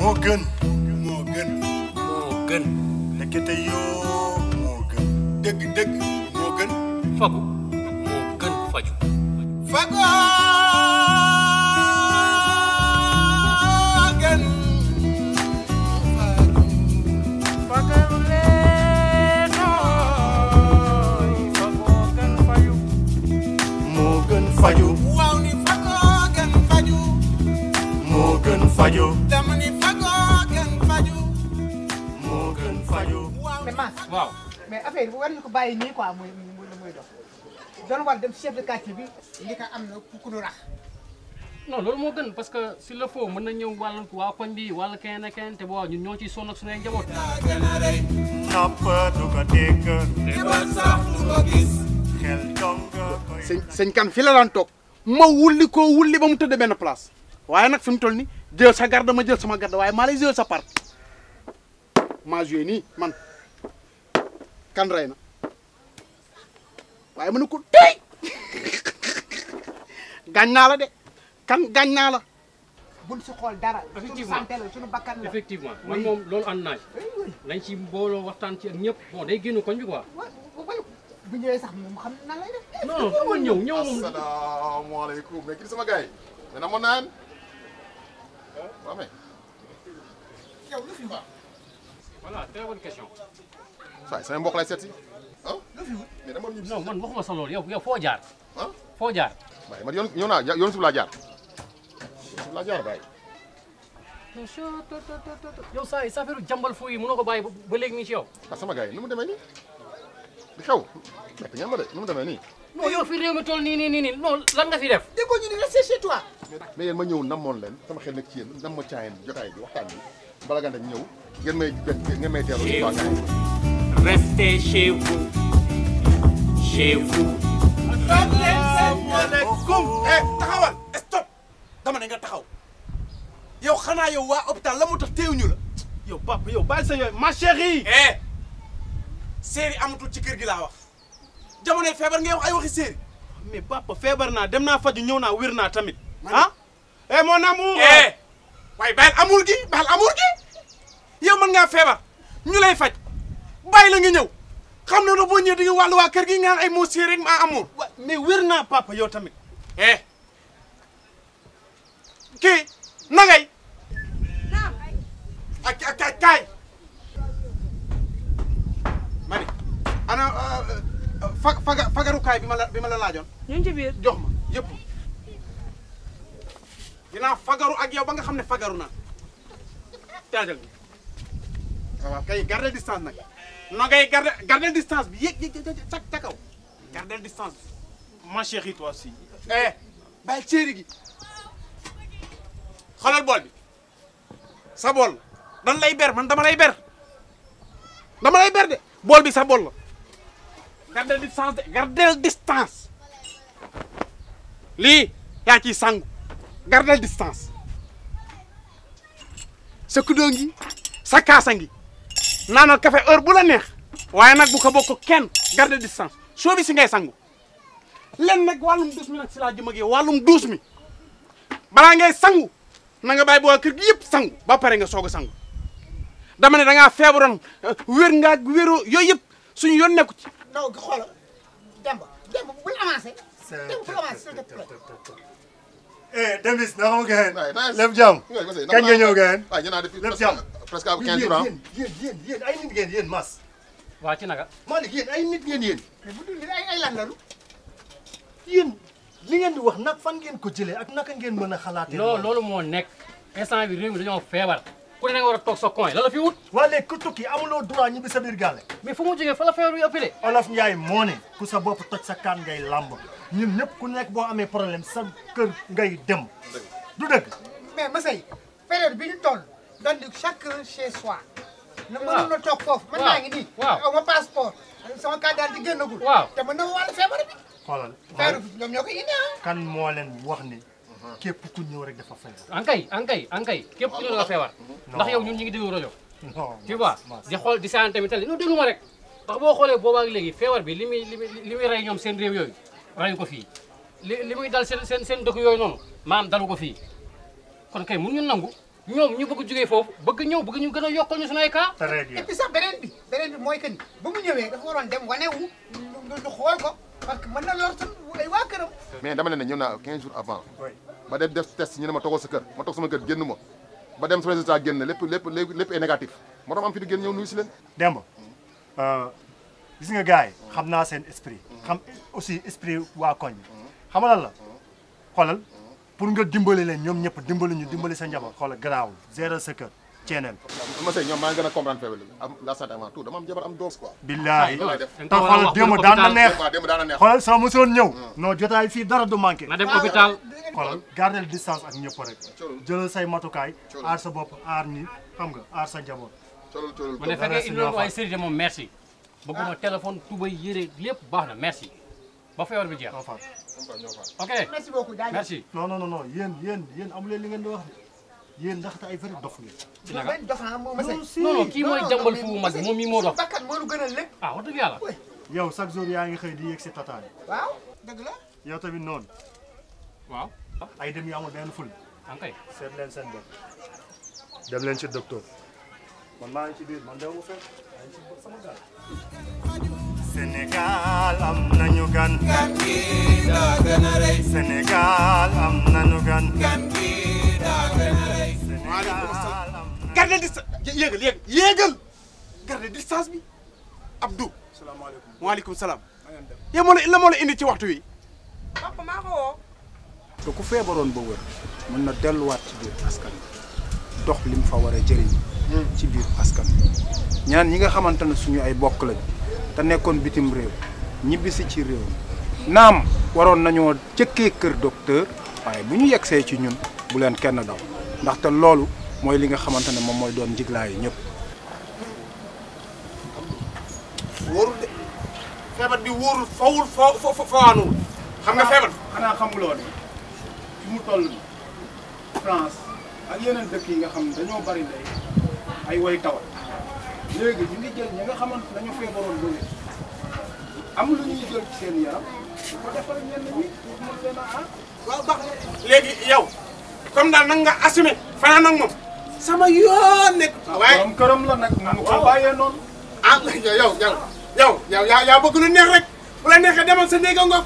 Morgan. Morgan. Morgan. Lekkete yoo Morgan. Dëgg dëgg Morgan. Fagu. Morgan faju. Fagu. Morgan. Fagu. Morgan Fayo. Morgan Fayo. département. waaw mais affaire bi war nañu ko bàyyi nii quoi muy muy muy dox. doon war dem chef de quartier bi. li ka am na ku nu rax. non loolu moo gën parce que si le faut mën na ñëw wàllu waa koñ bi wàllu kenn ak kenn te bu ñun ñoo ciy sonn ak suñuy njaboot. napp du ko kan fi la daan toog ma wulli ko wulli ba mu tëdd benn place waaye nag fi mu toll nii jël sa garde ma jël sama garde waaye maa lay sa part maa joué nii man. kan rey waaye mën na ko tey gaañ naa la de kan gaañ naa la. bul si dara. effectivement suñu santé la suñu bakkan la effectivement man moom loolu ànd naa nañ ci mbooloo waxtaan ci ak ñëpp bon day génn koñ bi quoi. bu ñëwee sax moom xam naan. waaw saya saya mbokk lay seet si ah. mais dama ñu. non man waxuma sa yow yow foo jaar. ah foo jaar. waaye man yoon ñëw naa yoon suuf laa jaar yoon suuf laa jaar bàyyi. monsieur to to to to yow saa yi safeeru jàmbal fooy yi mënoo ko bàyyi ba léegi nii ci yow. ah sama gars yi nu mu demee nii li xew nekk ñaan ma de nu mu demee nii. non yow fi réew mi toll nii nii nii non lan nga fi def. déggoo ñu ni reste chez toi. mais yéen ma ñëw namoon leen sama xel nag ci yéen nam ma caayeen jotaay bi waxtaan bi bala nga ñëw ngeen may ngeen may teeloo ci Restez chez vous. Chez vous. Eh, taxawal eh, stop dama ne nga taxaw yow xanaa yow waa hôpital la moo tax teewuñu la yow papa yow bàyyi sa ma chérie. eh séeri amatul ci kër gi laa wax jamonoy feebar ngay wax ay waxi séeri. mais papa feebar naa dem naa faj ñëw naa wér naa tamit. ah eh mon amour. eh waaye baal amour gi baal amour gi yow mën ngaa feebar ñu lay faj. bay la nga ñew xam na ne boo ñëwee di nga walu wa kër gi nga ay moo rek ma amour. mais wér papa yow tamit. eh ki na ngay. ak ak ak kay mari ana euh, euh, fa fa fa bi kay bima bi la lajon ñu ci biir jox ma yëpp. dinaa fagaru ak yow ba nga xamne fagaru na taajal bi kay garde distance nak na ngay garder garder distance bi yéeg yéeg ca ca kaw garder distance bi. ma chérie toi aussi. eh bàyyi chérie gi xoolal bool bi sa bool dan lay ber man dama lay ber dama lay ber de bool bi sa bool la garder distance de garder distance lii yaa ciy sangu garder distance sa kudoo ngi sa kaasa ngi. na café heure bu la neex waaye nag bu ko bokk kenn garde distance soo bi si ngay sangu len nag wàllum duus mi nag si laa jëm ak wàllum duus mi balaa ngay sangu na nga bàyyi boo kër gi yëpp sangu ba pare nga soog a sangu dama ne da ngaa feebaroon euh, wér ngaa wéroo yooyu yëpp suñu yoon nekku ci. donc xoolal Demba Demba bul avancé. Demba bul te plaît. eh Demis naka ma gën. waay naa yas lépp jàmm. kañ presque à 15 francs yéen yéen yéen yéen Mass. waa ci naka. Malick yéen ay nit ngeen yéen. mais bu dul ay ay lan la lu yéen li ngeen wax nag fan ngeen ko jëlee ak naka ngeen mën a xalaatee. non loolu moo nekk instant bi réew mi dañoo feebar. ku ne nga a toog sa coin la la fi wut. waa léegi ku tukki amuloo droit ñibbi sa biir gaale. mais fu mu jógee fa la feebar bi ëppale. olof Ndiaye moo ku sa bopp toj sa kaan ngay làmb ñun ñëpp ku nekk boo amee problème sa kër ngay dem. du dëgg. donc chacun chez soi. na mënoon a toog foofu. waaw mën naa ngi nii. waaw aw ma passeport. sama carte d'identité génnagul. waaw te mën na ma wàllu feebar feebar bi ñoom ah. moo leen wax ni. Uh-huh. képp ku ñëw rek dafa feebar. ankay ankay ankay képp ku ñëw dafa feebar. ndax yow ñun ñu ngi déglu rajo. non tu vois di xool di saan tamit tali non déglu ma rek. ndax boo xoolee boobaa ak léegi feebar bi li li muy li rey ñoom seen réew yooyu reyu ko fii. li li muy dal seen seen seen dëkk yooyu noonu maam dalu ko fii kon kay mun ñu nangu ñoom ñu bëgg jógee foofu bëgg ñëw bëgg ñu gën a yokkal ñu suñu ay cas. très bien bi beneen bi mooy que ni ba mu ñëwee dafa waroon dem wane wu du xool ko parce que mën na lor tam waa këram. mais dama leen ne ñëw naa 15 jours avant. ba dem def test ñu ne ma togoo sa kër ma toog sama kër génn moo ba dem sama résultat génn lépp lépp lépp est négatif moo tax am fi di génn ñëw nuyu si leen. démb euh, gis nga gars yi xam naa seen esprit. xam aussi esprit waa koñ bi xamalal la xoolal. pour nga dimbali leen ñoom ñëpp dimbali ñu dimbali sa njaboot xoolal garaawul gérer sa kër ceeneen. ma a comprendre feebar la neex xoolal sama mosoon ñëw. Hmm. non jotaay fii dara du manqué. na dem distance ak ñëpp rek. jëlal matukaay. aar sa bopp aar ñi xam nga aar sa njaboot. colol colol mu ne fekkee indi loolu waaye Serigne moom merci. bëgguma téléphone tubay yére lépp baax na merci. ba feebar bi jeex. ok merci beaucoup merci. non non non yéen yéen yéen amu leen li ngeen di wax de yéen ndaxte ay vrai dof ngeen. ci naka ah, non non kii mooy jàmbal fu mag moom mii moo dof. ah wax dëgg yàlla. yow chaque jour yaa ngi xëy di yegg si tataay. waaw dëgg la. yow tamit noonu. waaw. ay dem yu amul benn ful. ankay ah, seet leen seen bopp. dem leen ci docteur. man maa ngi ci biir man demoo fenn maa ngi ci sama gaal. Sénégal am nañu gan. gan gi daa gën a rëy. Sénégal am nañu gan. gan gi daa gën a rëy. maaleykum salaam. garde distance yéegal yéegal yéegal garde distance bi Abdou. salaamaaleykum waaleykum salaam. yow moo la la moo la indi ci waxtu wi. papa maa ko ku feebaroon ba wër mën na delluwaat ci biir askan dox li fa war jëriñ. Hmm. ci biir askan ñaan ñi nga xamante suñu ay bokk lañ. te nekkoon bitim réew ñibbisi ci réew mi naam waroon nañoo jëkkee kër docteur waaye bu ñu yegsee ci ñun bu leen kenn daw ndaxte loolu mooy li nga xamante ne moom mooy doon njiglaayu ñëpp. wóorul de feebar bi wóorul fawul fo fo fawaanuwul xam nga feebar xanaa xamuloo ne fi mu toll France ak yeneen dëkk yi nga xam ne dañoo bari ndey ay woy tawat léegi ñu ngi jël ñi nga xamante ñu feebaroon ba wér am lu ñuy seen yaram su a yow comme daal nag nga assumé fanaan ak moom sama yoon nekk. Ah, waaye borom këram la nag mu ko bàyyee noonu. ah yow yow yow yow yow yaa bëgg lu rek bu la neexee demal sa néega ngoog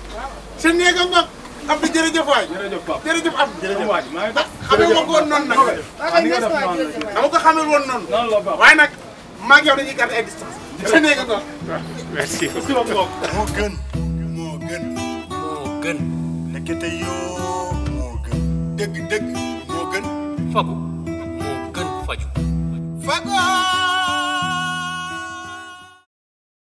sa néega ngoog Abdou jërëjëf waay. jërëjëf Pape jërëjëf Abdou. jërëjëf waay maa ngi tax xamee woon noonu nag. dama ko woon noonu. waaye nag. maa ngi yow dañuy garder ay distance. jërëjëf merci Morgan, moo Morgan. moo gën.